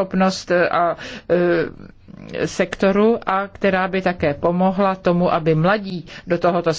schopnost eh, a eh, sektoru a která by také pomohla tomu, aby mladí do tohoto